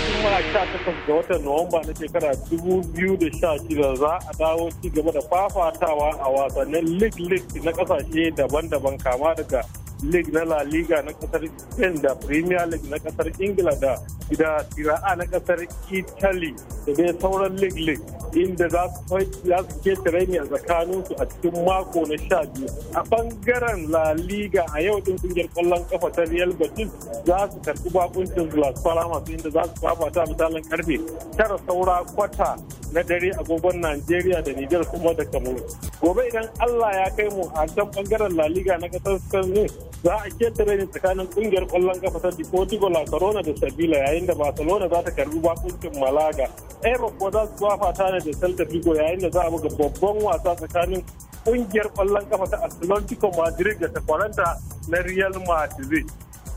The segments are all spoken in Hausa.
lokacin muna sha takwas ga watan Nuwamba na shekara dubu da za a dawo ci gaba da fafatawa a wasannin League League na kasashe daban-daban kama daga League na La Liga na kasar Spain da Premier League na kasar Ingila da da a na kasar Italy da dai sauran lig-lig inda za su keta raini a tsakaninsu a cikin mako na sha biyu. A bangaren La Liga a yau din kungiyar kwallon kafa ta Real Betis za su karɓi bakuncin Las Palmas inda za su fafata misalin karfe tara saura kwata na dare agogon Najeriya da niger kuma da Kamaru. Gobe idan Allah ya kai mu a can bangaren La Liga na kasar Spain za a keta raini tsakanin kungiyar kwallon kafa ta Deportivo La Corona da sabila yayin yayin da barcelona za ta karbi bakuncin malaga ero kuwa za su kwafata ne da celta vigo yayin da za a buga babban wasa tsakanin kungiyar kwallon kafa ta atlantico madrid da ta na real madrid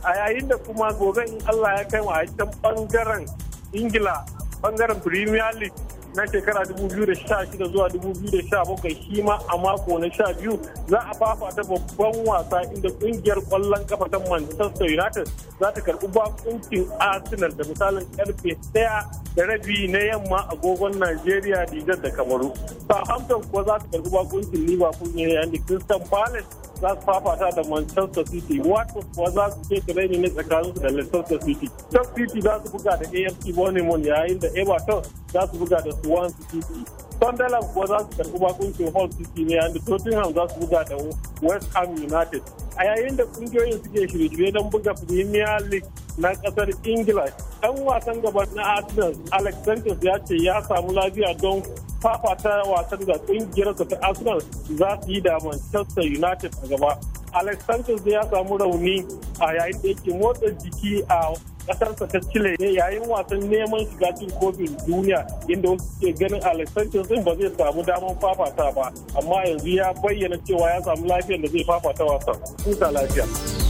a yayin da kuma gobe in allah ya kai wa a can bangaren ingila bangaren premier league na shekara 2016 zuwa 2017 shi ma a mako na 12 za a fafata babban wasa inda kungiyar kwallon kafa ta Manchester United za ta karbi bakuncin Arsenal da misalin karfe 1 da rabi na yamma a gogon Najeriya da da Kamaru. Southampton kuwa za ta karbi bakuncin Liverpool ne yayin da Crystal Palace za su fafata da Manchester City Watford kuwa za su ke tireni ne su da Leicester City Stoke City za su buga da AFC Bournemouth yayin da Everton za su buga da Swansea City Sunderland kuwa za su karɓi bakuncin Hull City ne yayin da Tottenham za su buga da West Ham United a yayin da kungiyoyin suke shirye-shirye don buga Premier League na kasar Ingila. Ɗan wasan gaba na Arsenal Alex Sanchez ya ce ya samu lafiya don fafata wasan da kungiyarsa ta arsenal za su yi da manchester united a gaba alex sanchez ya samu rauni a yayin da yake motsa jiki a kasarsa ta chile ne yayin wasan neman shiga cin kofin duniya inda wasu ke ganin alex sanchez ba zai samu damar fafata ba amma yanzu ya bayyana cewa ya samu lafiyar da zai fafata wasan kusa lafiya